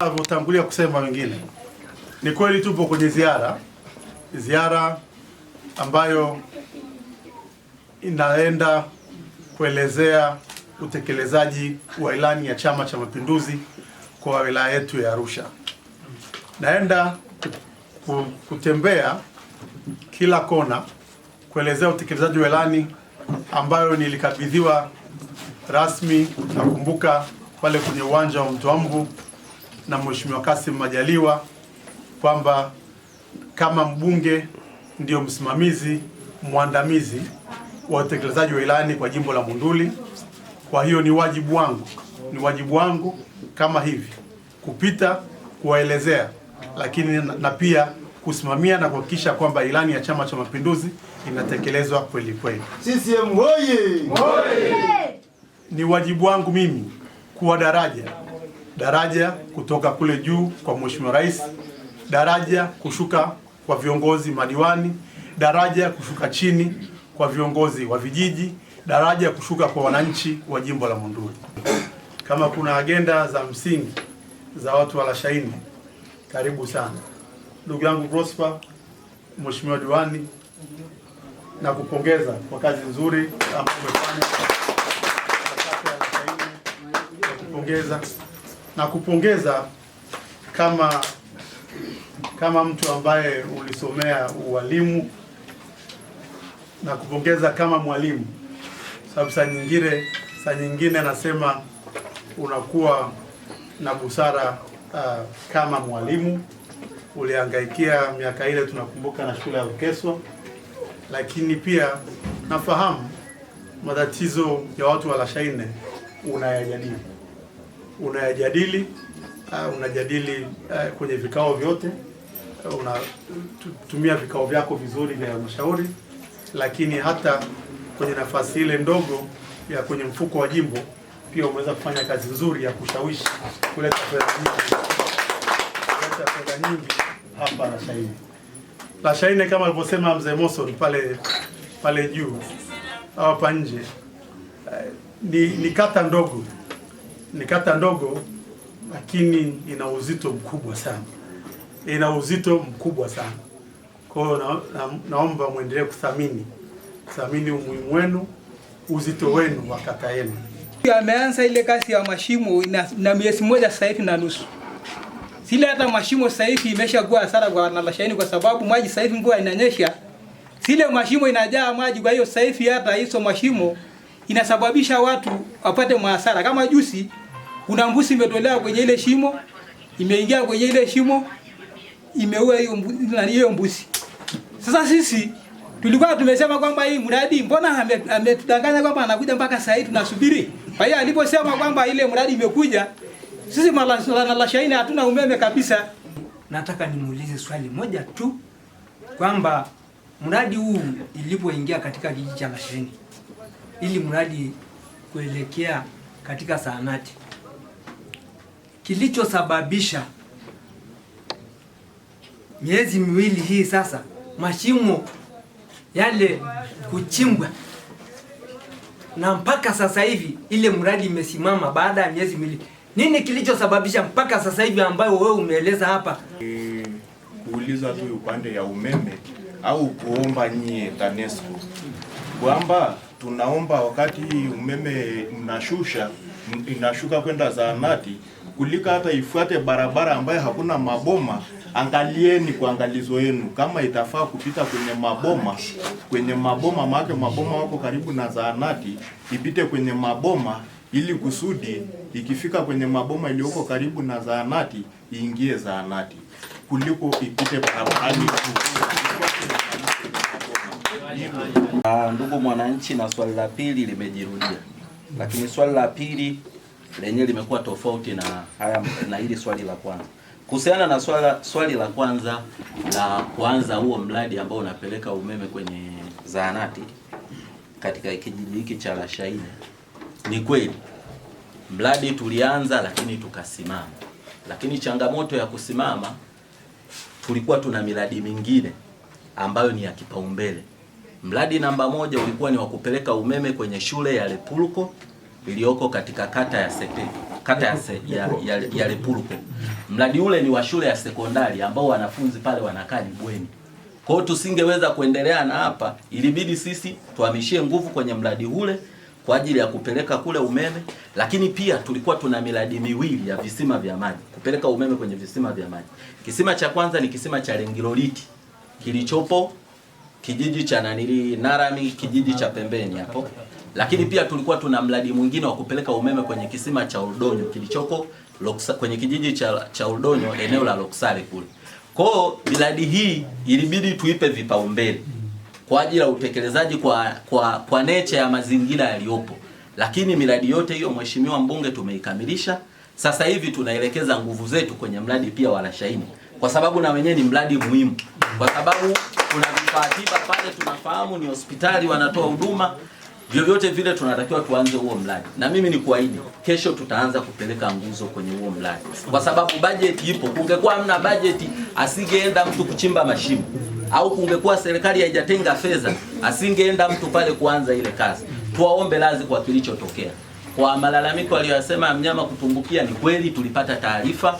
Navyotangulia kusema wengine, ni kweli tupo kwenye ziara, ziara ambayo inaenda kuelezea utekelezaji wa ilani ya Chama cha Mapinduzi kwa wilaya yetu ya Arusha. Naenda kutembea kila kona kuelezea utekelezaji wa ilani ambayo nilikabidhiwa rasmi, nakumbuka pale kwenye uwanja wa Mtwambu na Mheshimiwa Kasim Majaliwa kwamba kama mbunge ndiyo msimamizi mwandamizi wa utekelezaji wa ilani kwa jimbo la Monduli. Kwa hiyo ni wajibu wangu, ni wajibu wangu kama hivi kupita kuwaelezea, lakini na, na pia kusimamia na kuhakikisha kwamba ilani ya Chama cha Mapinduzi inatekelezwa kweli kweli. CCM Ni wajibu wangu mimi kuwa daraja daraja kutoka kule juu kwa Mheshimiwa Rais, daraja kushuka kwa viongozi madiwani, daraja kushuka chini kwa viongozi wa vijiji, daraja kushuka kwa wananchi wa jimbo la Monduli. Kama kuna agenda za msingi za watu wa Lashaini, karibu sana ndugu yangu Prosper, Mheshimiwa diwani, na kupongeza kwa kazi nzuri ambayo umefanya. kupongeza na kupongeza kama kama mtu ambaye ulisomea ualimu na kupongeza kama mwalimu, sababu saa nyingine saa nyingine nasema unakuwa na busara uh, kama mwalimu uliangaikia miaka ile tunakumbuka na shule ya Rukeswa, lakini pia nafahamu matatizo ya watu wa Lashaine unayajadili unayajadili uh, unajadili uh, kwenye vikao vyote uh, unatumia vikao vyako vizuri vya halmashauri, lakini hata kwenye nafasi ile ndogo ya kwenye mfuko wa jimbo pia umeweza kufanya kazi nzuri ya kushawishi kuleta fedha nyingi, kuleta fedha nyingi hapa Lashaine. Lashaine kama alivyosema mzee Moson pale pale juu hapa nje, uh, ni, ni kata ndogo ni kata ndogo, lakini ina uzito mkubwa sana, ina uzito mkubwa sana. Kwa hiyo na, na, naomba mwendelee kuthamini kuthamini umuhimu wenu, uzito wenu wa kata yenu. Ameanza ile kazi ya mashimo na, na miezi moja sasa hivi na nusu sile hata mashimo sasa hivi imeshakuwa hasara kwa nalashaini kwa sababu maji sasa hivi mvua inanyesha, sile mashimo inajaa maji. Kwa hiyo sasa hivi hata hizo mashimo inasababisha watu wapate mahasara. Kama juzi kuna mbuzi imetolewa kwenye ile shimo, imeingia kwenye ile shimo, imeua hiyo mbuzi. mbuzi. Sasa sisi tulikuwa tumesema kwamba hii mradi mbona ametudanganya kwamba anakuja mpaka sasa hivi tunasubiri. Kwa hiyo aliposema kwamba ile mradi imekuja, sisi Mwalashaine hatuna umeme kabisa. Nataka nimuulize swali moja tu kwamba mradi huu ilipoingia katika kijiji cha Lashaini, ili mradi kuelekea katika zahanati. Kilichosababisha miezi miwili hii sasa mashimo yale kuchimbwa na mpaka sasa hivi ile mradi imesimama baada ya miezi miwili. Nini kilichosababisha mpaka sasa hivi ambayo wewe umeeleza hapa? E, kuuliza tu upande ya umeme au kuomba nyie TANESCO kwamba tunaomba wakati umeme mnashusha inashuka kwenda zahanati, kulika hata ifuate barabara ambayo hakuna maboma. Angalieni kwa angalizo yenu kama itafaa kupita kwenye maboma, kwenye maboma maake maboma wako karibu na zahanati, ipite kwenye maboma ili kusudi ikifika kwenye maboma iliyoko karibu na zahanati iingie zahanati kuliko ipite barabarani tu. Uh, ndugu mwananchi, na swali la pili limejirudia, lakini swali la pili lenyewe limekuwa tofauti na haya na hili swali la kwanza. Kuhusiana na swala, swali la kwanza la kuanza huo mradi ambao unapeleka umeme kwenye zahanati katika kijiji hiki cha Lashaine, ni kweli mradi tulianza, lakini tukasimama, lakini changamoto ya kusimama tulikuwa tuna miradi mingine ambayo ni ya kipaumbele. Mradi namba moja ulikuwa ni wa kupeleka umeme kwenye shule ya Lepuluko iliyoko katika kata ya Sete, kata ya, se, ya, ya, ya Lepuluko. Mradi ule ni wa shule ya sekondari ambao wanafunzi pale wanakaa ni bweni. Kwa hiyo tusingeweza kuendelea na hapa, ilibidi sisi tuhamishie nguvu kwenye mradi ule kwa ajili ya kupeleka kule umeme, lakini pia tulikuwa tuna miradi miwili ya visima vya maji kupeleka umeme kwenye visima vya maji. Kisima cha kwanza ni kisima cha Lengiloliti kilichopo kijiji cha nanili Narami, kijiji cha pembeni hapo. Lakini pia tulikuwa tuna mradi mwingine wa kupeleka umeme kwenye kisima cha Udonyo kilichopo Loksa, kwenye kijiji cha, cha Udonyo, eneo la Loksale kule. Kwao miradi hii ilibidi tuipe vipaumbele kwa ajili ya utekelezaji kwa, kwa, kwa necha ya mazingira yaliyopo. Lakini miradi yote hiyo mheshimiwa mbunge tumeikamilisha. Sasa hivi tunaelekeza nguvu zetu kwenye mradi pia wa Rashaini kwa sababu na wenyewe ni mradi muhimu, kwa sababu kuna vifaa tiba pale, tunafahamu ni hospitali wanatoa huduma. Vyovyote vile tunatakiwa tuanze huo mradi, na mimi ni kuahidi kesho tutaanza kupeleka nguzo kwenye huo mradi, kwa sababu bajeti ipo. Ungekuwa hamna bajeti, asigeenda mtu kuchimba mashimo au kungekuwa serikali haijatenga fedha, asingeenda mtu pale kuanza ile kazi. Tuwaombe lazi kwa kilichotokea. Kwa malalamiko aliyosema mnyama kutumbukia, ni kweli tulipata taarifa,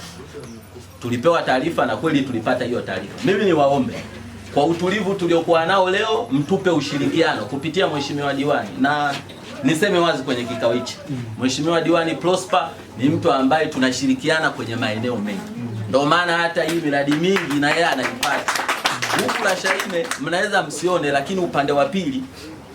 tulipewa taarifa na kweli tulipata hiyo taarifa. Mimi niwaombe kwa utulivu tuliokuwa nao leo, mtupe ushirikiano kupitia mheshimiwa diwani, na niseme wazi kwenye kikao hichi, mheshimiwa diwani Prosper ni mtu ambaye tunashirikiana kwenye maeneo mengi, ndio maana hata hii miradi mingi na yeye anaipata huku la Shaime mnaweza msione, lakini upande wa pili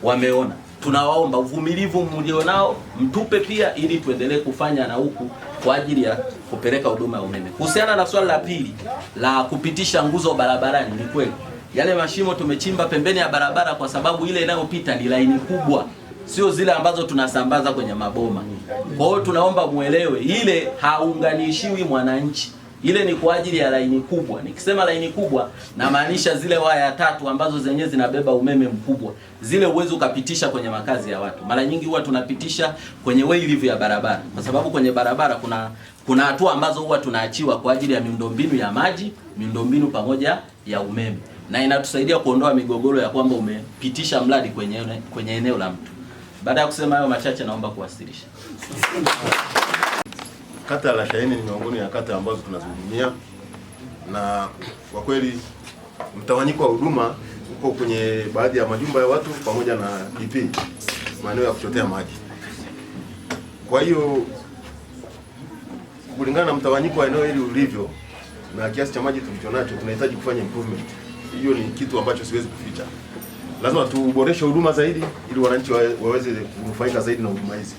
wameona. Tunawaomba uvumilivu mlionao mtupe pia, ili tuendelee kufanya na huku kwa ajili ya kupeleka huduma ya umeme. Kuhusiana na swali la pili la kupitisha nguzo barabarani, ni kweli yale mashimo tumechimba pembeni ya barabara, kwa sababu ile inayopita ni laini kubwa, sio zile ambazo tunasambaza kwenye maboma. Kwa hiyo tunaomba muelewe, ile haunganishiwi mwananchi ile ni kwa ajili ya laini kubwa. Nikisema laini kubwa, namaanisha zile waya tatu ambazo zenyewe zinabeba umeme mkubwa, zile uwezo ukapitisha kwenye makazi ya watu. Mara nyingi huwa tunapitisha kwenye waylivu ya barabara, kwa sababu kwenye barabara kuna kuna hatua ambazo huwa tunaachiwa kwa ajili ya miundombinu ya maji, miundombinu pamoja ya umeme, na inatusaidia kuondoa migogoro ya kwamba umepitisha mradi kwenye kwenye eneo la mtu. Baada ya kusema hayo machache, naomba kuwasilisha Kata la Shaheni ni miongoni ya kata ambazo tunazihudumia, na kwa kweli mtawanyiko wa huduma uko kwenye baadhi ya majumba ya watu pamoja na DP, maeneo ya kuchotea maji. Kwa hiyo kulingana na mtawanyiko wa eneo hili ulivyo na kiasi cha maji tulichonacho, tunahitaji kufanya improvement. Hiyo ni kitu ambacho siwezi kuficha. Lazima tuboreshe huduma zaidi ili wananchi waweze kunufaika zaidi na huduma hizi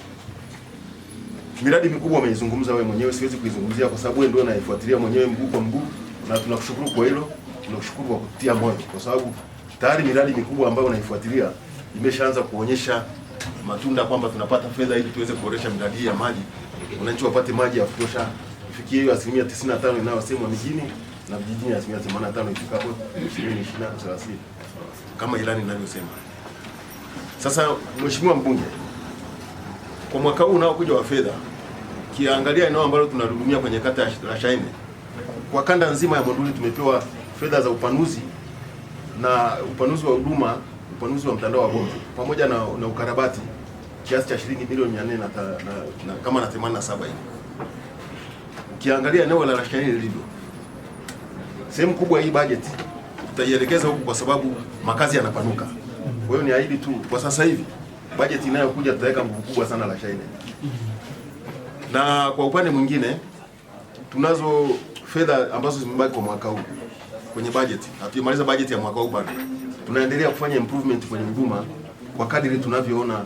miradi mikubwa umeizungumza wewe mwenyewe, siwezi kuizungumzia kwa sababu wewe ndio unaifuatilia mwenyewe mguu kwa mguu, na tunakushukuru kwa hilo, tunakushukuru kwa kutia moyo, kwa sababu tayari miradi mikubwa ambayo unaifuatilia imeshaanza kuonyesha matunda kwamba tunapata fedha ili tuweze kuboresha miradi hii ya maji, wananchi wapate maji ya kutosha, ifikie hiyo asilimia 95 inayosemwa mijini na vijijini, asilimia 85 ifikapo 2030 kama ilani inavyosema. Sasa mheshimiwa mbunge kwa mwaka huu unaokuja wa fedha, kiangalia eneo ambalo tunahudumia kwenye kata ya Lashaine, kwa kanda nzima ya Monduli tumepewa fedha za upanuzi na upanuzi wa huduma, upanuzi wa mtandao wa bomba pamoja na, na ukarabati kiasi cha shilingi milioni 400 na, na kama na 87 hivi. Ukiangalia eneo la Lashaine lilivyo, sehemu kubwa hii bajeti tutaielekeza huku kwa sababu makazi yanapanuka. Kwa hiyo ahidi tu kwa sasa hivi bajeti inayokuja tutaweka nguvu kubwa sana la shaine, na kwa upande mwingine tunazo fedha ambazo zimebaki kwa mwaka huu kwenye bajeti. Hatujamaliza bajeti ya mwaka huu bado, tunaendelea kufanya improvement kwenye huduma kwa kadiri tunavyoona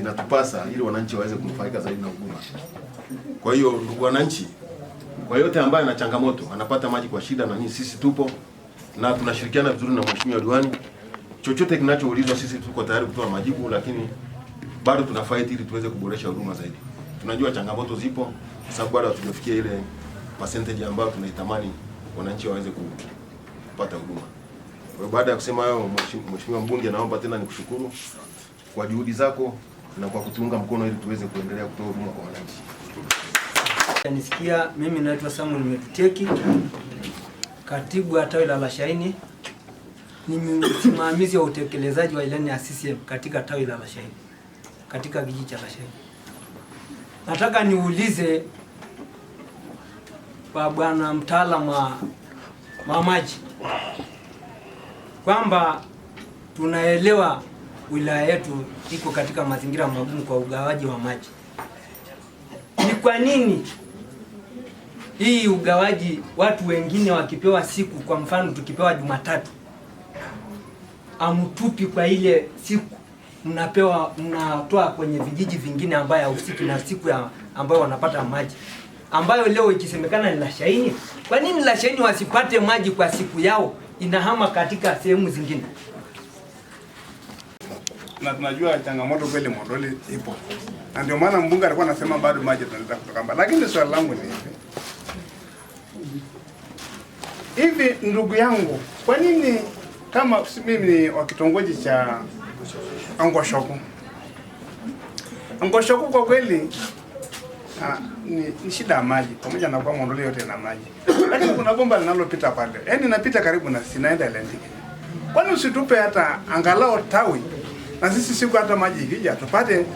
inatupasa, ili wananchi waweze kunufaika zaidi na huduma. Kwa hiyo, ndugu wananchi, kwa yote ambaye ana changamoto anapata maji kwa shida, na nyinyi sisi tupo na tunashirikiana vizuri na mheshimiwa diwani chochote kinachoulizwa, sisi tuko tayari kutoa majibu, lakini bado tuna fight ili tuweze kuboresha huduma zaidi. Tunajua changamoto zipo, sababu bado hatujafikia ile percentage ambayo tunaitamani wananchi waweze kupata huduma. Kwa baada ya kusema hayo, Mheshimiwa Mbunge, naomba tena nikushukuru kwa juhudi zako na kwa kutuunga mkono ili tuweze kuendelea kutoa huduma kwa wananchi. Nisikia mimi naitwa Samuel Metuteki, katibu wa tawi la Lashaini ni msimamizi wa utekelezaji wa ilani ya CCM katika tawi la Mashariki, katika kijiji cha Mashariki. Nataka niulize kwa bwana mtaalamu wa maji kwamba tunaelewa wilaya yetu iko katika mazingira magumu kwa ugawaji wa maji. Ni kwa nini hii ugawaji watu wengine wakipewa siku, kwa mfano tukipewa Jumatatu amutupi kwa ile siku mnapewa mnatoa kwenye vijiji vingine ambayo husiki na siku ya ambayo wanapata maji ambayo leo ikisemekana ni Lashaini. Kwa nini Lashaini wasipate maji kwa siku yao, inahama katika sehemu zingine? Na tunajua changamoto kweli modoli ipo, na ndio maana mbunge alikuwa anasema bado maji tunaleta kutoka mbali. Lakini swali langu ni hivi hivi, ndugu yangu, kwa nini kama mimi ni wa kitongoji cha Angoshoku, Angoshoku kwa kweli Ha, ah, ni, ni shida ya maji pamoja na kwa ondoleo yote na maji lakini kuna bomba linalopita pale, yaani napita karibu na sinaenda ile ndiki. Kwani usitupe hata angalau tawi na sisi siku hata maji hija tupate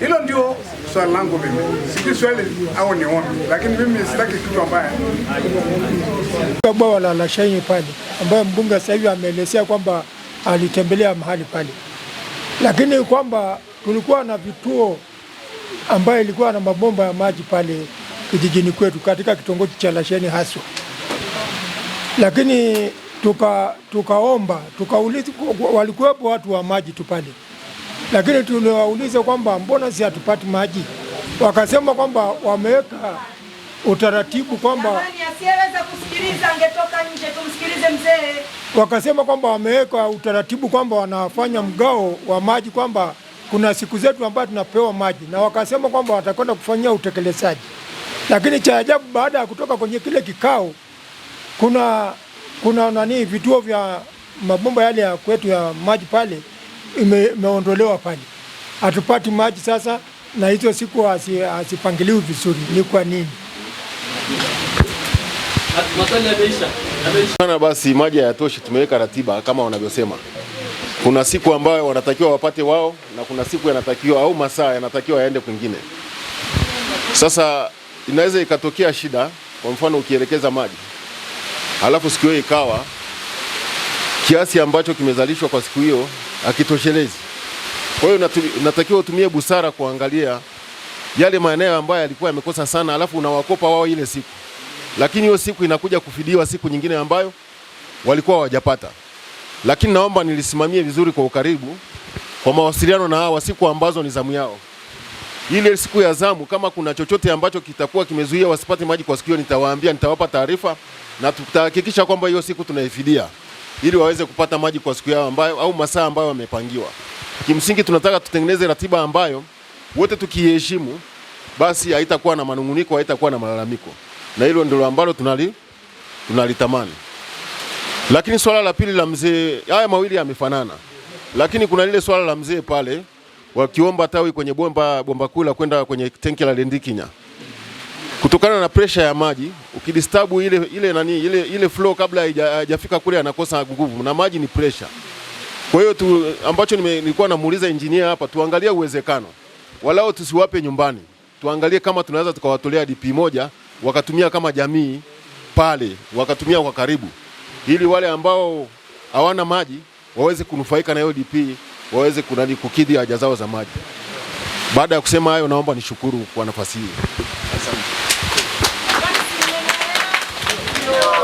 hilo ndio swali langu mimi, sijui swali au ni ombi, lakini mimi sitaki kitu ambaye bwawa la Lashaini pale ambayo mbunge sasa hivi ameelezea kwamba alitembelea mahali pale, lakini kwamba tulikuwa na vituo ambayo ilikuwa na mabomba ya maji pale kijijini kwetu katika kitongoji cha Lasheni haswa, lakini tuka tukaomba tukaulizi, walikuwepo watu wa maji tu pale lakini tuliwauliza kwamba mbona si hatupati maji, wakasema kwamba wameweka utaratibu kwamba asiyeweza kusikiliza angetoka nje tumsikilize mzee. Wakasema kwamba wameweka utaratibu kwamba wanafanya mgao wa maji, kwamba kuna siku zetu ambayo tunapewa maji, na wakasema kwamba watakwenda kufanyia utekelezaji. Lakini cha ajabu, baada ya kutoka kwenye kile kikao, kuna kuna nani, vituo vya mabomba yale ya kwetu ya maji pale imeondolewa pale, hatupati maji sasa, na hizo siku hazipangiliwi vizuri. Ni kwa nini? Kana basi maji hayatoshi, tumeweka ratiba kama wanavyosema. Kuna siku ambayo wanatakiwa wapate wao na kuna siku yanatakiwa au masaa yanatakiwa yaende kwingine. Sasa inaweza ikatokea shida, kwa mfano ukielekeza maji halafu siku hiyo ikawa kiasi ambacho kimezalishwa kwa siku hiyo akitoshelezi. Kwa hiyo natakiwa utumie busara kuangalia yale maeneo ambayo yalikuwa yamekosa sana, alafu unawakopa wao ile siku, lakini hiyo siku inakuja kufidiwa siku nyingine ambayo walikuwa hawajapata. Lakini naomba nilisimamie vizuri kwa ukaribu kwa mawasiliano na hawa siku ambazo ni zamu yao. Ile siku ya zamu, kama kuna chochote ambacho kitakuwa kimezuia wasipate maji kwa sikio, nitawaambia, nitawapa taarifa na tutahakikisha kwamba hiyo siku tunaifidia ili waweze kupata maji kwa siku yao ambayo, au masaa ambayo wamepangiwa. Kimsingi tunataka tutengeneze ratiba ambayo wote tukiheshimu basi haitakuwa na manunguniko, haitakuwa na malalamiko, na hilo ndilo ambalo tunali tunalitamani. Lakini swala la pili la mzee, haya mawili yamefanana, lakini kuna lile swala la mzee pale wakiomba tawi kwenye bomba bomba kuu la kwenda kwenye tenki la Lendikinya kutokana na pressure ya maji ukidistabu ile, ile, nani, ile, ile flow kabla haijafika kule anakosa nguvu, na maji ni pressure. Kwa hiyo tu ambacho nilikuwa namuuliza engineer hapa, tuangalie uwezekano walao tusiwape nyumbani, tuangalie kama tunaweza tukawatolea DP moja wakatumia kama jamii pale, wakatumia kwa karibu, ili wale ambao hawana maji waweze kunufaika na hiyo DP, waweze kunani kukidhi haja zao za maji. Baada ya kusema hayo, naomba nishukuru kwa nafasi hii.